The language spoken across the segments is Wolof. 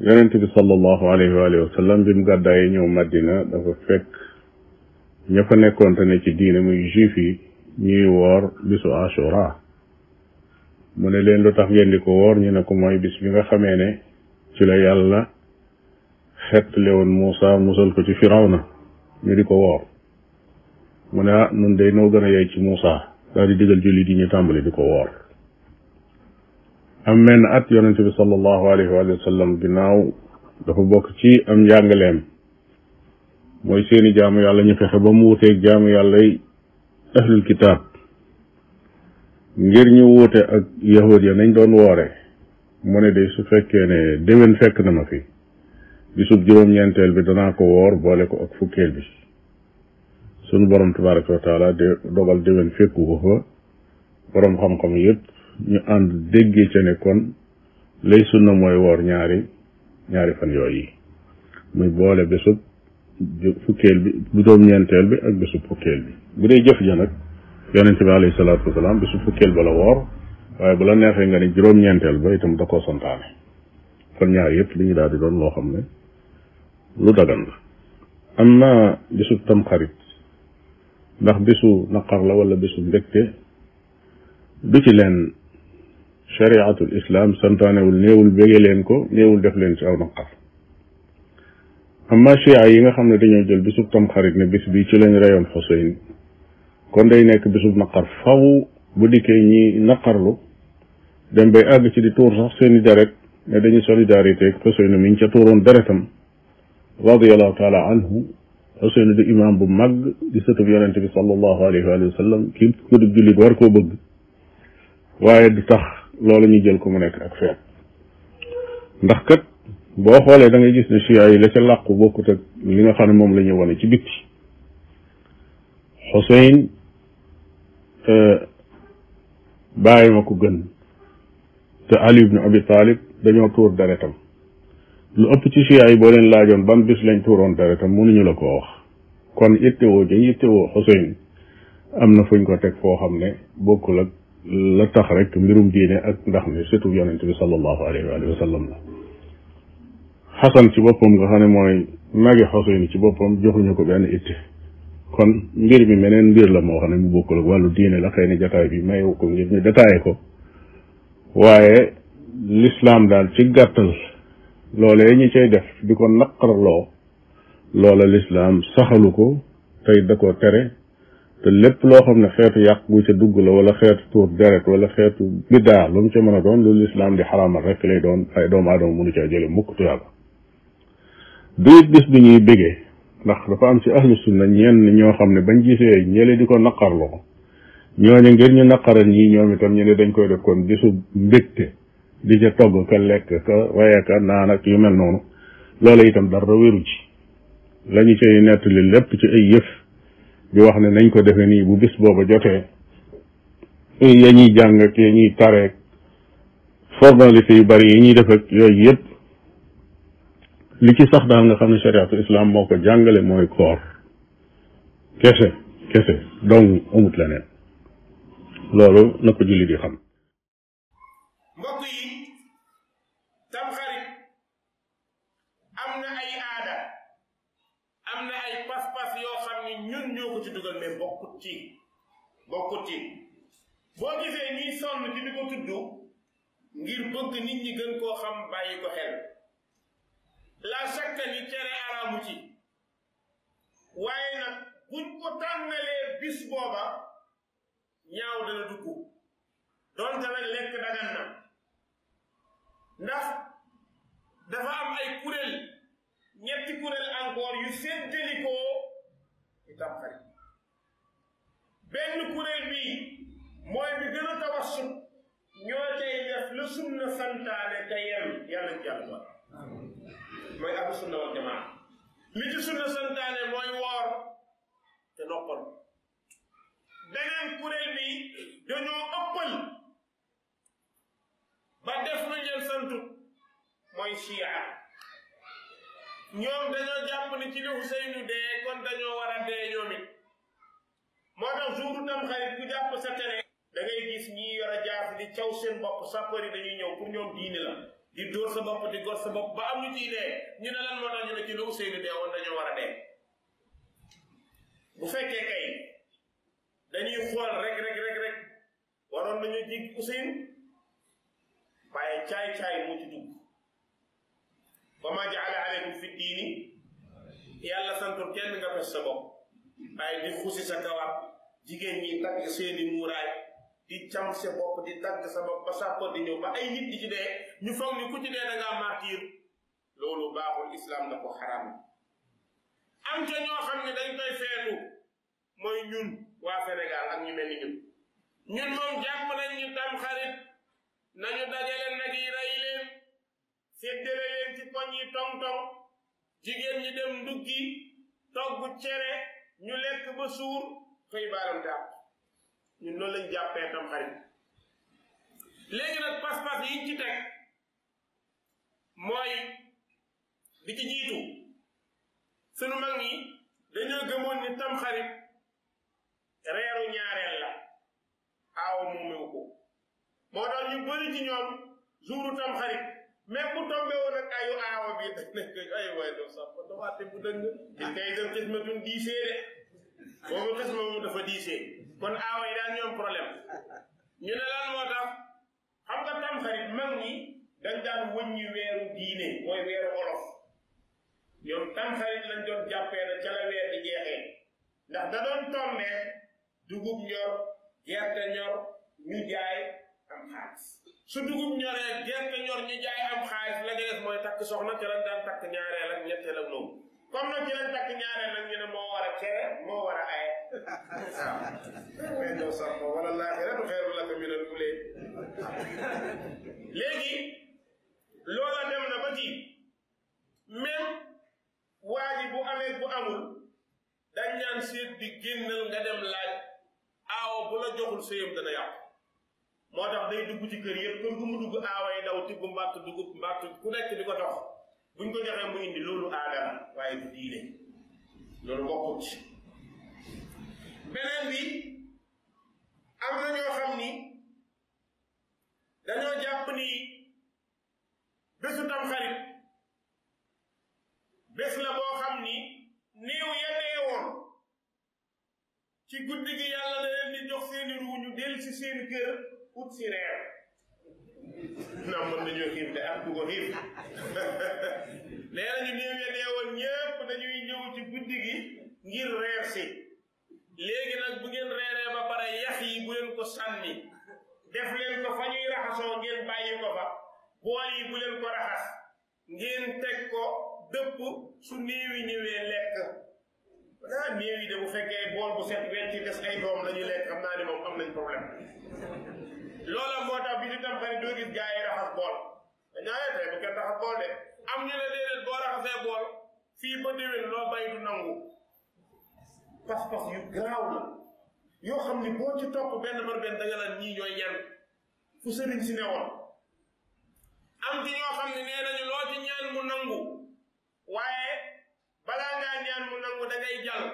yonent bi sallallahu alayhi wa sallam bi mu ñëw Madina dafa fekk ña fa nekkoon te ci diine muy juif yi ñuy woor bisu ashura mu ne leen lu tax ngeen di ko woor ñu ne ko mooy bis bi nga xamee ne ci la yàlla xetle woon Muusa musal ko ci na ñu di ko woor mu ne ah nun day noo gën a yey ci Muusa daal di digal julli di ñu tàmbali di ko woor am menn at yonente bi salallahu alayhi wa sallam ginnaaw dafa bokk ci am njàngaleem mooy seeni jaamu yàlla ñu fexe ba mu wuteeg jaamu yàlla yi ahlul kitab ngir ñu wuute ak yahud ya nañ doon woore mu ne de su fekkee ne déwén fekk na ma fi bisub juróom-ñeenteel bi danaa ko woor boole ko ak fukkeel bi sunu borom tabaraka wa taala de dogal déwén fekku ko fa borom xam-xam yépp ñu ànd déggee ca ne kon lay sunna mooy woor ñaari ñaari fan yooyu yi muy boole bésub fukkeel bi bu juróom-ñeenteel bi ak bésub fukkeel bi bu dee jëf ja nag yonente bi alayhi salaatu wasalaam bésub fukkeel ba la woor waaye bu la neexee nga ne juróom-ñeenteel ba itam da koo santaane kon ñaar yëpp li ñu daal di doon loo xam ne lu dagan la am na bésub tamxarit ndax bésu naqar la wala bésu mbégte du ci leen chariatul islam santaanewul néewul bége leen ko néewul def leen ci aw naqar amma chia yi nga xam ne dañoo jël bisub tamxarit ne bis bi ci leen reyoon xuseyn kon day nekk bisub naqar faw bu dikkee ñi naqarlu dem bay àgg ci di tuur sax seeni deret ne dañu solidarité ak xuseynu mi ñu ca tuuroon deretam radiallahu taala anhu xuseynu di imaam bu mag di sëtub yonente bi sallallahu alayhi wa sallam kii ku dib jullit war koo bëgg waaye du tax loolu ñu jël ko mu nekk ak feet ndax kat boo xoolee dangay gis ne chia yi la ca làqu bokkut ak li nga xam ne moom la ñu wane ci bitti Xuseyn euh, bàyyi ma ko gën te Ali ibnu Abi Talib dañoo tuur deretam lu ëpp ci chia yi boo leen laajoon ban bis lañ tuuroon deretam mënuñu la ko wax kon ittewoo ja ittewoo Xuseyn am na fuñ ko teg foo xam ne bokkul ak la tax rek mbirum diine ak ndax mi surtout yonent bi sallallahu alayhi wa sallam la xasan ci boppam nga xam ne mooy magi xoseyn ci boppam joxuñu ko benn itte kon mbir mi meneen mbir la moo xam ne mu bokkul ak wàllu diine la xëy na jataay bi mayewu ko ngir ñu détaillé ko waaye lislaam daal ci gàttal loolee ñi cay def di ko naqarloo loola lislaam saxalu ko tey da ko tere te lépp loo xam ne xeetu yàq gu ca dugg la wala xeetu tuur deret wala xeetu biddaa lu mu ca mën a doon loolu lislaam di xaraamal rek lay doon ay doomu aadama mënu caa jële mukk tuyaaba du bis bi ñuy bégee ndax dafa am ci ahlu sunna ñenn ñoo xam ne bañ gisee ñële di ko naqarloo ñooñu ngir ñu naqaral ñii ñoom itam ñu ne dañ koy def kon bisu mbégte di ca togg ka lekk ka waye ka yu mel noonu loola itam dara wéru ci lañu cay nettali lépp ci ay yëf di wax ne nañ ko defee nii bu bis booba jotee ya ñuy jàng ak ya ñuy tareek formalité yu bari yi ñuy def ak yooyu yëpp li ci sax daal nga xam ne chariatu islam moo ko jàngale mooy koor kese kese dong amut leneen loolu na ko julli di xam ngir bëgg nit ñi gën koo xam bàyyi ko xel la sakka ni tere araamu waaye nag buñ ko tànnalee bis booba ñaaw dana dugg doonte nag lekk dagan na ndax dafa am ay kuréel ñetti kuréel encore yu séddalikoo ci Tamxarit benn kuréel bi mooy bi gën a tawassut ñoo cay def la sunna santaane te yem yàlla ci yàlla mooy ahlu sunna wal jamaa li ci sunna santaane mooy woor te noppal beneen kuréel bi dañoo ëppal ba def lu leen santu mooy chia ñoom dañoo jàpp ni ci li Ousseynou dee kon dañoo war a dee ñoom moo tax jouru tam xarit ku jàpp sa da ngay gis ñi yor a jaar di caw seen bopp sapeur yi dañuy ñëw pour ñoom diine la di dóor sa bopp di gor sa bopp ba am ñu ciy dee ñu ne lan moo tax ñu ne ci lu Ousseynou dee woon dañoo war a dee bu fekkee kay dañuy xool rek rek rek rek waroon nañu jig Ousseynou waaye caay caay moo ci dugg wa ma jaala aleykum fi diini yàlla ya santul kenn nga fes sa bopp waaye di xusi sa kawaat jigéen ñi takk seeni muuraay di cam sa bopp di tagg sa bopp ba di ñëw ba ay nit di ci dee ñu foog ni ku ci dee da ngaa martir loolu baaxul islam da ko xaram am ca ñoo xam ne dañ koy feetu mooy ñun waa Sénégal ak ñu mel ñun ñun moom jàpp nañ ñu tam xarit nañu dajale nag yi rey leen séddale leen tong-tong jigéen ñi dem nduggi togg cere ñu lekk ba suur xëy baalam dàq ñu loolu lañ jàppee tam xarit léegi nag pas-pas yiñ ci mooy di ci jiitu sunu mag ñi dañoo gëmoon ni tam reeru ñaareel la aaw muumewu ko moo tax ñu bëri ci ñoom jouru tam xarit bu tombé woon ak ayu aawa bi dañ koy ay waay doo sax ba dawaate bu dëng. di kay dem xismatun diisee de boobu xisma moom dafa diisee. kon aawa yi daal ñoom problème ñu ne lan moo tax xam nga tamxarit mag ñi dañ daan wëññi weeru diine mooy weeru olof ñoom tamxarit lañ doon jàppee na ca la weer di jeexee ndax da doon tombee dugub ñor gerte ñor ñu jaay am xaalis su dugub ñoree gerte ñor ñu jaay am xaalis la nga def mooy takk soxna ca daan takk ñaareel ak ñetteel ak noonu comme na jëleen takk ñaareel nag ne moo war a tere moo war a aye waaw mais doo sax moom wala laaxiratu xeeru laka min al ulee léegi loola dem na ba ci même waa ji bu amee bu amul dañ ñaan séet bi génnal nga dem laaj aawo bu la joxul séyam dana yàqu moo tax day dugg ci kër yëpp gu mu dugg aawa yi daw tibb mbàtt dugub mbàtt ku nekk di ko dox buñ ko joxee mu indi loolu aadama waaye du diine loolu bokkut beneen bi am na ñoo xam ni dañoo jàpp ni bésu tamxarit bés la boo xam ni néew ya deewoon ci guddi gi yàlla da leen di jox seeni ruu ñu dellu si seen kër ut si reer ndax mën nañoo xiif te am ku ko xiif néew ya neewoon ñëpp dañuy ñëw guddi gi ngir reer si léegi nag bu ngeen reeree ba pare yax yi bu ko sànni def leen ko fa ñuy raxasoo ngeen bàyyi ko fa bool yi bu leen ko raxas ngeen teg ko dëpp su néew yi ñëwee lekk ah néew yi de bu fekkee bool bu set wecc des ay doom la lekk xam naa ne am nañ problème loola moo tax bi doo gis gars yi raxas bool dañaa eh, tey bu kenn raxas bool de am ñu ne boo raxasee bool fii ba déwén loo bay du nangu pas-pas yu garaaw la yoo xam ni boo ci topp benn par benn da naan ñii ñooy ñan fu sëriñ si ne woon am ci ñoo xam ne nee nañu loo ci ñaan mu nangu waaye balaa ngaa ñaan mu nangu da ngay jal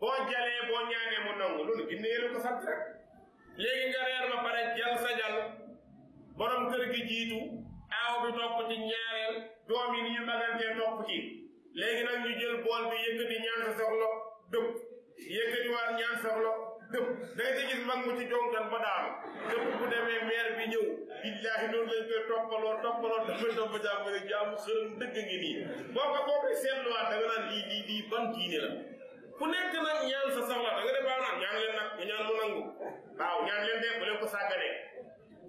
boo jalee boo ñaanee mu nangu loolu ginnee lu ko sant rek léegi nga reer ba pare jël sa jal borom kër gi jiitu aaw bi topp ci ñaareel doom yi ni ñu magantee topp ci léegi nag ñu jël bool bi yëkkati ñaan sa soxla dëpp yëkkati waat ñaan soxla dëpp da nga gis mag mu ci jonkan ba daal dëpp bu demee maire bi ñëw billaahi noonu lañ koy toppaloo toppaloo dafa topp jàpp rek jaamu xërëm dëgg ngi nii boo ko boo koy seetluwaat da nga naan lii lii lii ban diine la ku nekk nag ñaan sa soxla da nga def baax naan ñaan leen nag ñu ñaan waaw ñaan leen de bu leen ko sàgganee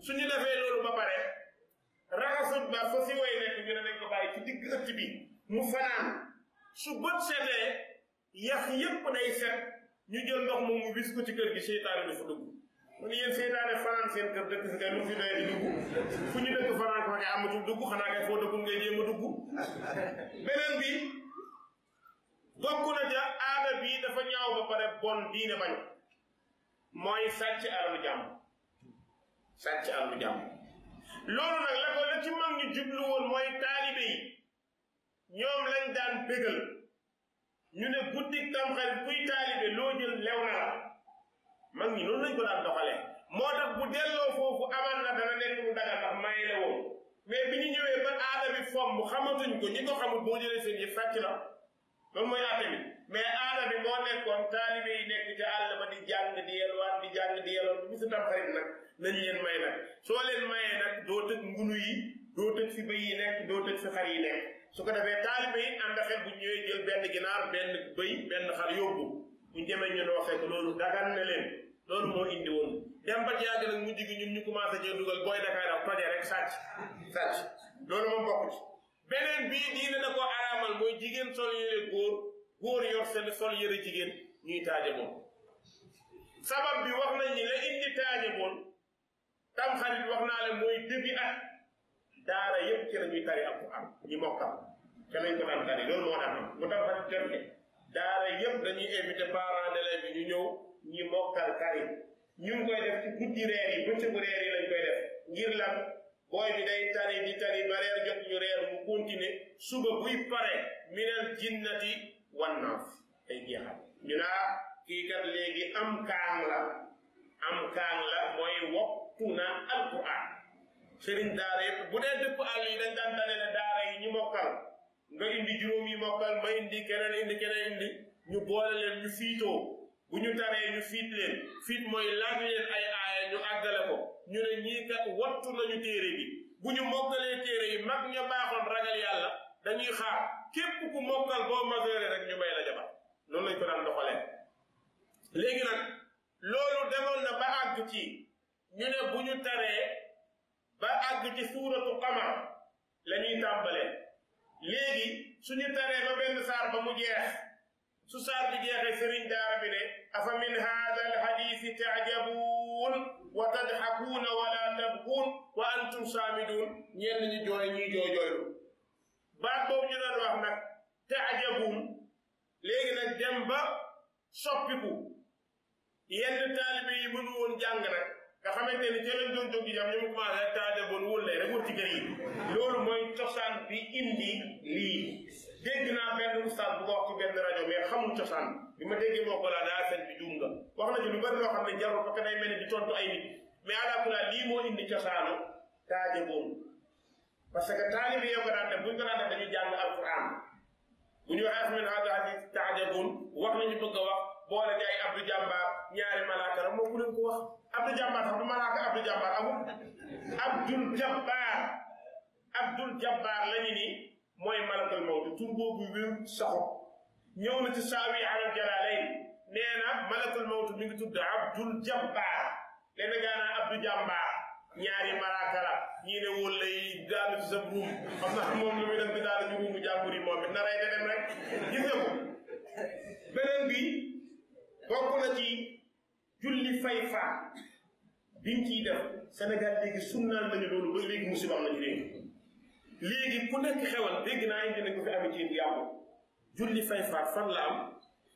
suñu defee loolu ba pare raxasut ba fa si way nekk ñu ne nañ ko bàyyi ci digg ëtt bi mu fanaan su bët setee yax yépp day set ñu jël ndox moom mu wis ko ci kër gi seytaane du fa dugg mu dugg fu ñu dëkk fanaan ko ngay amatul dugg xanaa ngay foo dëkkul ngay jéem a dugg beneen bi bokk na ja aada bii dafa ñaaw ba pare bon diine bañ mooy sàcc alalu jàmm sàcc alalu jàmm loolu nag la ko la ci mag ñu woon mooy taalibe yi ñoom lañ daan bégal ñu ne guddi tamxarit kuy taalibe loo jël lew na la mag ñi noonu lañ ko daan doxalee moo tax bu delloo foofu amaan la dana nekk mu daga ndax maye la woon bi ñu ñëwee ba aada bi fomm xamatuñ ko ñi ko xamul boo jëlee seen yi sàcc la loolu mooy aada bi mais aadami moo nekkoon taalibe yi nekk ci àll ba di jàng di yelwaat di jàng di yelwaat bi su tam xarit nag nañ leen may nag soo leen mayee nag doo tëj ngunu yi doo tëj fi bëy yi nekk doo tëj fi xar yi nekk su ko defee taalibe yi ànd xel bu ñëwee jël benn ginaar benn bëy benn xar yóbbu bu demee ñu noo fekk loolu dagan na leen loolu moo indi woon dem ba yàgg nag mujj gi ñun ñu commencé cee dugal booy Dakar ak toje rek sàcc sàcc loolu moom bokk ci beneen bii diine na ko araamal mooy jigéen sol yére góor góor yor seen sol yëre jigéen ñuy taaje boon sabab bi wax nañ ni la indi taaje boon tamxarit wax naa leen mooy début at daara yëpp ci la ñuy dañuy invité parents d'élèves bi ñu ñëw ñi mokkal tari ñu koy def ci guddi reer yi bëccëgu reer yi lañ koy def ngir lan booy bi day tari di tari ba reer jot ñu reer mu continuer suba buy pare minal jinnati wan naaf ay jeexal ñu naa ah, kii kat léegi am kaang la am kaang la mooy wokku na alquran sëriñ daara yëpp bu dee dëpp àll yi dañ daan tane ne yi ñu mokkal nga indi juróom yi mokkal ma indi keneen indi keneen indi ñu boole leen ñu fiitoo bu ñu taree ñu fiit leen fiit mooy laaj leen ay aaya ñu àggale ko ñu ne ñii kat wattu nañu téere bi bu ñu mokkalee téere yi mag ña baaxoon ragal yàlla dañuy xaar képp ku mokkal boo majeure rek ñu may la jabar noonu lañ ko daan doxalee léegi nag loolu demoon na ba àgg ci ñu ne bu ñu taree ba àgg ci suuratu qamar la ñuy tàmbalee léegi su ñu taree ba benn saar ba mu jeex su saar bi jeexee sëriñ daara bi ne afa min hada alhadisi tajabuun wa tadxakuuna wala tabxuun wa antum saamidun ñenn ñi jooy ñuy baat boobu ñu doon wax nag taajabum léegi nag dem ba soppiku yenn taalibe yi mënu woon jàng nag nga xamante ni ca lañ doon jóg di jam ñu mu commencé wul lay rek wër ci kër yi loolu mooy cosaan bi indi lii dégg naa benn ustaas bu ko wax ci benn rajo mais xamul cosaan bi ma déggee moo ko laa daa seen bi juum nga wax na ci lu bari loo xam ne jarul parce que day mel ni di tontu ay nit mais alaakulaa lii moo indi cosaanu taajaboon parce que taalibe yoo ko daan def bu ñu ko daan def dañuy jàng alquran bu ñu waxee asmin hada hadis taajabun wax li ñu bëgg a wax boole ci ay abdou jàmbaar ñaari malaaka la moom ku leen ko wax abdou abdul jabbaar abdul jabbaar lañu ni mooy malakal mawt tur boobu wér saxo ñëw na ci saawi alal na malakal mawt mi ngi tudd abdul jabbaar lenn gaa naa ñaari malaaka la ñii ne wóor lay daanu ci sa buum xam naa moom lu muy def di daanu ci moom it na rey rek gis nga ko beneen bi bokk na ci julli fay faat biñ def Sénégal léegi sunnaan lañu loolu léegi musiba am na ci réew léegi ku nekk xewal dégg naa indi ne ko fi amee ci yéen yàqu julli fay faat fan la am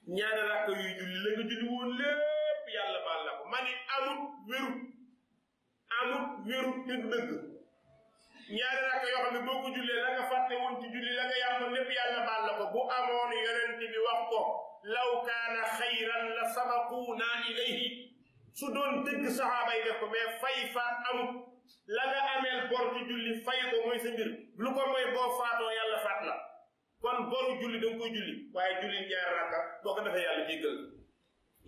ñaari rakk yuy julli la nga julli woon lépp yàlla baal na ko ma ne amut amut wéru dëgg dëgg ñaari rakk yoo xam ne boo ko jullee la nga fàtte woon ci julli la nga yàqoon lépp yàlla baal la ko bu amoon yonent bi wax ko law kaana xayran la sabaquuna ilayhi su doon dëgg saxaaba yi def ko mais fay faat amut la nga ameel bor ci julli fay ko mooy sa mbir lu ko mooy boo faatoo yàlla faat la kon boru julli da nga koy julli waaye julli ñaari rakka boo ko defee yàlla jéggal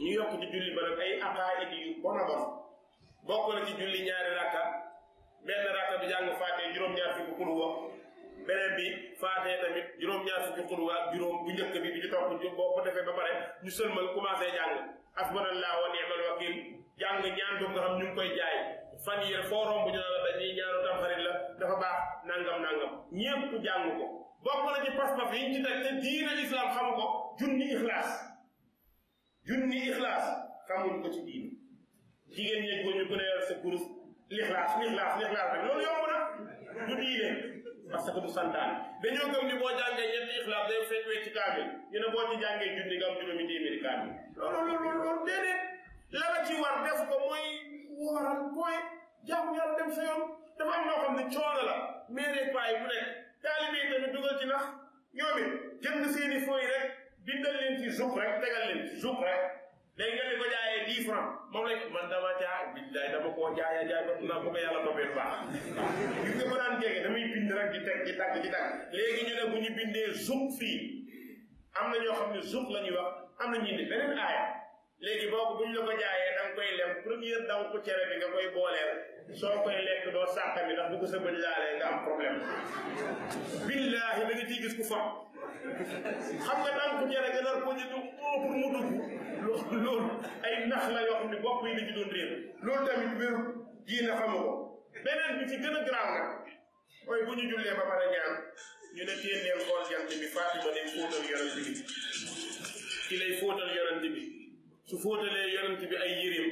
ñu yokk ci julli ba nag ay aqaayid yu bon a bon bokk na ci julli ñaari rakka benn rakka bi jàng faatee juróom-ñaar fukki xuru wa beneen bi faatee tamit juróom-ñaar fukki xuru wa juróom bu njëkk bi bi ci topp boo ko defee ba pare ñu sëlmal commencé jàng asbanallah wa ni'mal wakil jàng ñaan boobu nga ñu koy jaay fan yii foo romb ñu la dañuy ñaanu dafa baax nangam nangam ñépp jàng ko bokk na ci pas-pas yi ñu ci teg te diina islam ko junni ixlaas junni ixlaas xamuñ ko ci diina jigéen ñi góor ñu ku ne yor sa kurus lixlaas lixlaas lixlaas rek loolu yomb na du diine parce que du santaan dañoo gëm ni boo jàngee ñetti ixlaas day fekk wecc kaamil ñu ne boo ci jàngee junni nga am juróomi téeméeri kaamil loolu loolu loolu déedéet la la ci war def ko mooy waral point jàmm yàlla dem sa yoon dafa am loo xam ne coono la mairie paay bu nekk taalibe yi tamit dugal ci ndax ñoom it jënd seeni fooy rek bindal leen ci suuf rek tegal leen ci suuf rek léegi nga ne ko jaayee 10 francs man dama jaay billaay dama koo jaay jaay ba na ko yàlla toppee baax gis nga ko daan jege damay bind rek di teg di tag di tag ñu ne bu ñu am na ñoo xam wax am na ñu ne beneen aaya léegi boo lem première daw ko cere bi nga koy booleel soo lekk doo sàqami ndax bu ko sa bëñ laalee am problème billaahi da nga ciy gis ku fam xam nga daan ko nga nar ko ñu du mu dugg loolu ay nax la yoo xam ne bopp yi la ci doon réer loolu tamit wéru diine xamu ko beneen bi ci gën a garaaw nag mooy bu ñu jullee ba pare ñaan ñu ne téen xool jant bi Fatima lay fóotal yonent bi ki lay fóotal yonent bi su fóotalee yonent bi ay yëreem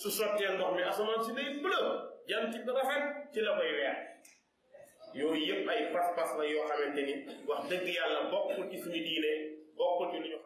su sottee ndox mi asamaan si day bleu jant bi rafet ci la koy weer yooyu yëpp ay pas-pas la yoo xamante ni wax dëgg yàlla bokkul ci suñu diine bokkul ci lu ñu